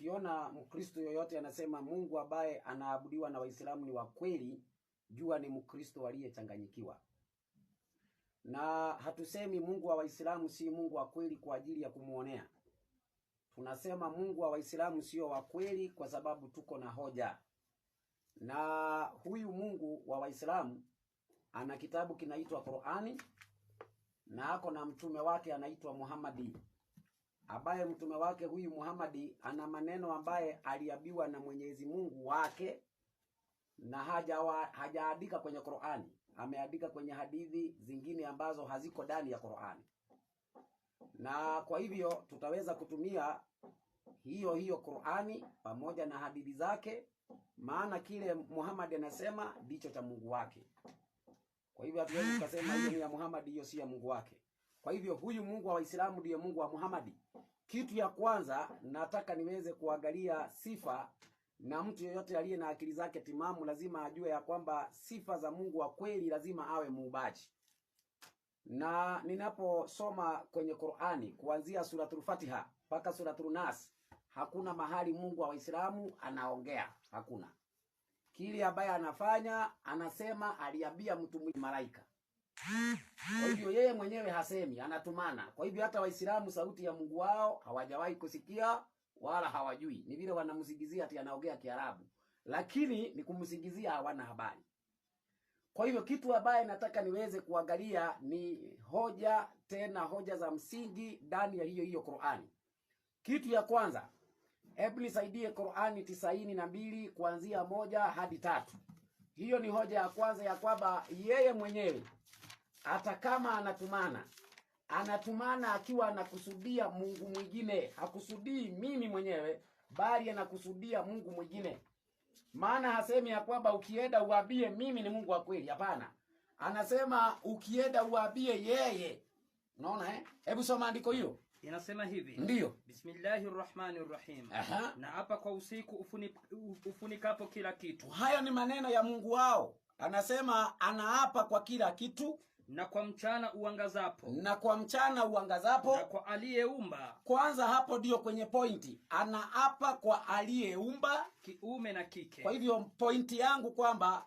Ukiona Mkristo yoyote anasema Mungu ambaye anaabudiwa na Waislamu ni wa kweli, jua ni Mkristo aliyechanganyikiwa. Na hatusemi Mungu wa Waislamu si Mungu wa kweli kwa ajili ya kumwonea. Tunasema Mungu wa Waislamu sio wa kweli kwa sababu tuko na hoja. Na huyu Mungu wa Waislamu ana kitabu kinaitwa Qur'ani na ako na mtume wake anaitwa Muhammadi ambaye mtume wake huyu Muhammadi ana maneno ambaye aliabiwa na Mwenyezi Mungu wake na hajawa, hajaandika kwenye Qur'ani, ameandika kwenye hadithi zingine ambazo haziko ndani ya Qur'ani, na kwa hivyo tutaweza kutumia hiyo hiyo Qur'ani pamoja na hadithi zake, maana kile Muhammad anasema ndicho cha Mungu wake. Kwa hivyo hatuwezi kusema ya Muhammad hiyo si ya Mungu wake. Kwa hivyo huyu Mungu wa Waislamu ndiye Mungu wa Muhamadi. Kitu ya kwanza nataka niweze kuangalia sifa, na mtu yeyote aliye na akili zake timamu lazima ajue ya kwamba sifa za Mungu wa kweli lazima awe muubaji. Na ninaposoma kwenye Qur'ani kuanzia suratul Fatiha mpaka suratul Nas, hakuna mahali Mungu wa Waislamu anaongea, hakuna. Kile ambaye anafanya anasema, aliambia mtu malaika kwa hivyo yeye mwenyewe hasemi, anatumana. Kwa hivyo hata Waislamu sauti ya Mungu wao hawajawahi kusikia wala hawajui, ni vile wanamsigizia ati anaongea Kiarabu, lakini ni kumsigizia, hawana habari. Kwa hivyo kitu ambaye nataka niweze kuangalia ni hoja, tena hoja za msingi ndani ya hiyo hiyo Qur'ani. Kitu ya kwanza, hebu nisaidie Qur'ani tisaini na mbili kuanzia moja hadi tatu. Hiyo ni hoja ya kwanza ya kwamba yeye mwenyewe hata kama anatumana anatumana akiwa anakusudia Mungu mwingine, hakusudii mimi mwenyewe, bali anakusudia Mungu mwingine. Maana hasemi ya kwamba ukienda uambie mimi ni Mungu wa kweli, hapana. Anasema ukienda uambie yeye. Unaona eh? Hebu soma andiko hiyo. Inasema hivi. ndio Bismillahir Rahim. Aha. Na hapa kwa usiku ufuni, ufunikapo kila kitu. Haya ni maneno ya Mungu wao. Anasema anaapa kwa kila kitu na kwa mchana uangazapo, na kwa mchana uangazapo, na kwa aliyeumba. Kwanza hapo ndio kwenye pointi, anaapa kwa aliyeumba kiume na kike. Kwa hivyo pointi yangu kwamba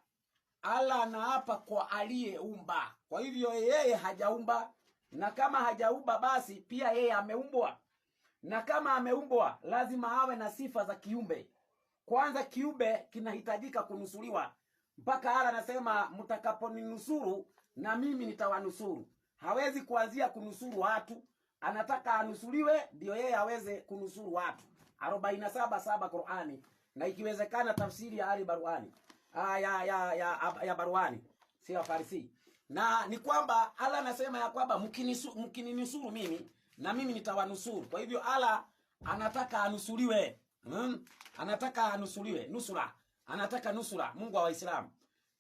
ala anaapa kwa aliyeumba. Kwa hivyo yeye hajaumba, na kama hajaumba basi pia yeye ameumbwa, na kama ameumbwa lazima awe na sifa za kiumbe. Kwanza kiumbe kinahitajika kunusuliwa, mpaka ala anasema mtakaponinusuru na mimi nitawanusuru. Hawezi kuanzia kunusuru watu, anataka anusuriwe ndio yeye aweze kunusuru watu. arobaini Qurani, na ikiwezekana tafsiri ya Ali Barwani Ah, ya, ya, ya, ya Barwani si sio Farisi. Na ni kwamba Allah anasema ya kwamba mkininusuru mimi na mimi nitawanusuru. Kwa hivyo Allah anataka anusuriwe hmm? anataka anusuriwe nusura, anataka nusura Mungu wa Waislamu.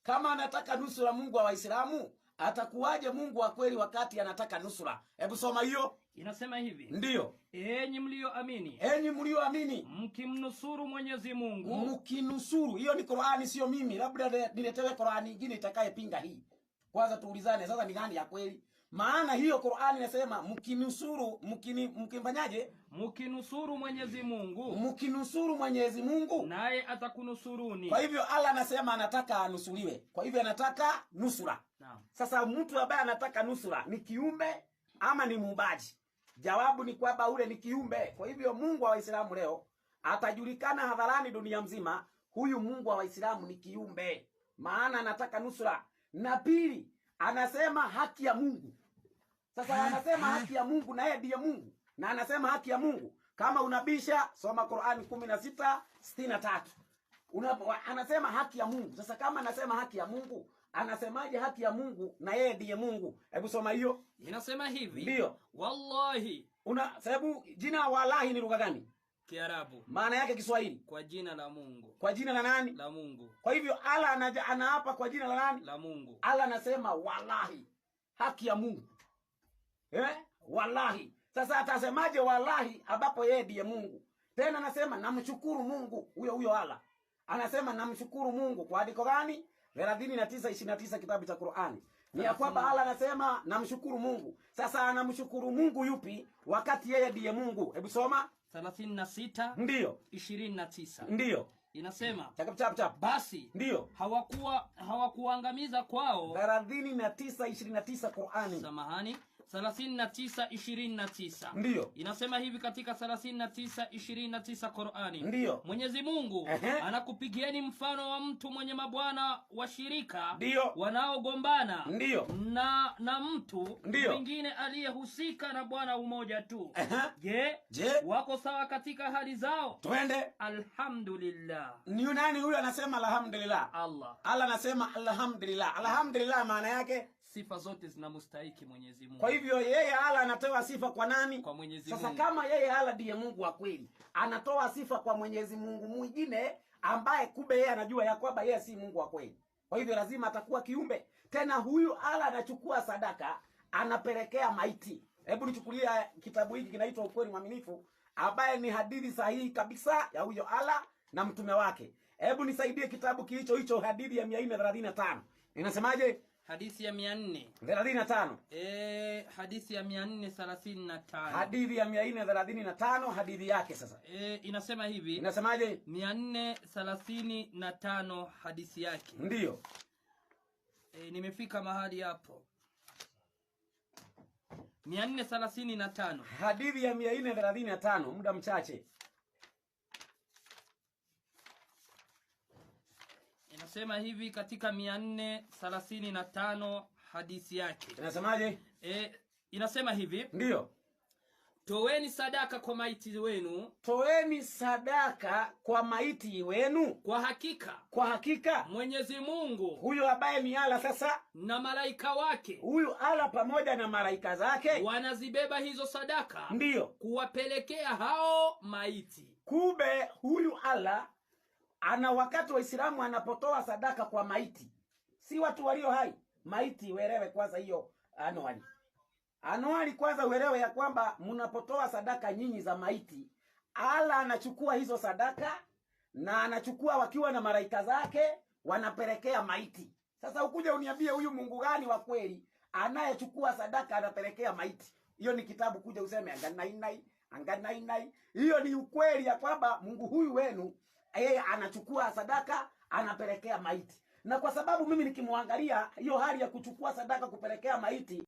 Kama anataka nusura Mungu wa Waislamu, Atakuwaje Mungu wa kweli wakati anataka nusura? Hebu soma hiyo. Inasema hivi, ndiyo: enyi mlioamini, enyi mlioamini, mkimnusuru Mwenyezi Mungu, mkinusuru. Hiyo ni Qur'ani, siyo mimi. Labda niletewe Qur'ani nyingine itakayepinga hii. Kwanza tuulizane sasa, ni nani ya kweli? Maana hiyo Qur'ani inasema mkinusuru, mkini, mkimfanyaje? Mkinusuru Mwenyezi Mungu, mkinusuru Mwenyezi Mungu naye atakunusuruni. Kwa hivyo Allah anasema anataka anusuriwe, kwa hivyo anataka nusura sasa mtu ambaye anataka nusura ni kiumbe ama ni muumbaji? Jawabu ni kwamba ule ni kiumbe. Kwa hivyo Mungu wa Waislamu leo atajulikana hadharani dunia mzima, huyu Mungu wa Waislamu ni kiumbe, maana anataka nusura. Na pili, anasema haki ya Mungu. Sasa anasema eh? haki ya Mungu na yeye ndiye Mungu, na anasema haki ya Mungu. Kama unabisha, soma Qur'ani 16 63 Una, anasema haki ya Mungu. Sasa kama anasema haki ya Mungu, anasemaje haki ya Mungu na yeye ndiye Mungu? Hebu soma hiyo. Inasema hivi. Ndio. Wallahi. Una sababu jina wallahi ni lugha gani? Kiarabu. Maana yake Kiswahili? Kwa jina la Mungu. Kwa jina la nani? La Mungu. Kwa hivyo Allah anaja anaapa kwa jina la nani? La Mungu. Allah anasema wallahi, haki ya Mungu. Eh? Wallahi. Sasa atasemaje wallahi ambapo yeye ndiye Mungu? Tena anasema namshukuru Mungu, huyo huyo Allah. Anasema namshukuru Mungu kwa andiko gani? thelathini na tisa ishirini na tisa kitabu cha Qur'ani ni ya kwamba Allah anasema namshukuru Mungu. Sasa anamshukuru Mungu yupi wakati yeye ndiye Mungu? Hebu soma 36 ndio 29 ndio inasema chap chap chap. Basi ndio hawakuwa hawakuangamiza kwao 39 29 Qur'ani, samahani 39 29. Ndiyo. Inasema hivi katika 39 29 Qur'ani. ndio Mwenyezi Mungu anakupigieni mfano wa mtu mwenye mabwana wa shirika wanaogombana na na mtu mwingine aliyehusika na bwana umoja tu. Je, Je, wako sawa katika hali zao? Twende. Alhamdulillah. Ni nani huyo anasema alhamdulillah? Allah. Allah anasema alhamdulillah. Alhamdulillah maana yake sifa zote zinamstahiki Mwenyezi Mungu. Kwa hivyo yeye Allah anatoa sifa kwa nani? Kwa Mwenyezi Mungu. Sasa kama yeye Allah ndiye Mungu wa kweli, anatoa sifa kwa Mwenyezi Mungu mwingine ambaye kumbe yeye anajua ya kwamba yeye si Mungu wa kweli. Kwa hivyo lazima atakuwa kiumbe. Tena huyu Allah anachukua sadaka, anapelekea maiti. Hebu nichukulia kitabu hiki kinaitwa Ukweli Mwaminifu, ambaye ni hadithi sahihi kabisa ya huyo Allah na mtume wake. Hebu nisaidie kitabu kilicho hicho, hadithi ya 435 inasemaje? Hadithi ya thelathini 435. Eh, hadithi ya na tano Hadithi ya na tano hadithi yake sasa. Eh, inasema hivi. Inasemaje? tano hadithi yake. Ndiyo. E, nimefika mahali hapo. na tano Hadithi ya na tano muda mchache. Anasema hivi katika mia nne thelathini na tano hadithi yake inasemaje? Eh, inasema hivi Ndio. toweni sadaka kwa maiti wenu, toweni sadaka kwa maiti wenu. Kwa hakika, kwa hakika Mwenyezi Mungu huyo ambaye ni ala sasa na malaika wake, huyu ala pamoja na malaika zake wanazibeba hizo sadaka, ndio kuwapelekea hao maiti. kube huyu ala ana wakati Waislamu anapotoa sadaka kwa maiti, si watu walio hai, maiti. Uelewe kwanza hiyo anuari, anuari kwanza uelewe ya kwamba mnapotoa sadaka nyinyi za maiti, ala anachukua hizo sadaka na anachukua wakiwa na malaika zake wanapelekea maiti. Sasa ukuja uniambie huyu Mungu gani wa kweli anayechukua sadaka anapelekea maiti? Hiyo ni kitabu, kuja useme anganainai anganainai. Hiyo ni ukweli ya kwamba Mungu huyu wenu yeye anachukua sadaka anapelekea maiti, na kwa sababu mimi nikimwangalia hiyo hali ya kuchukua sadaka kupelekea maiti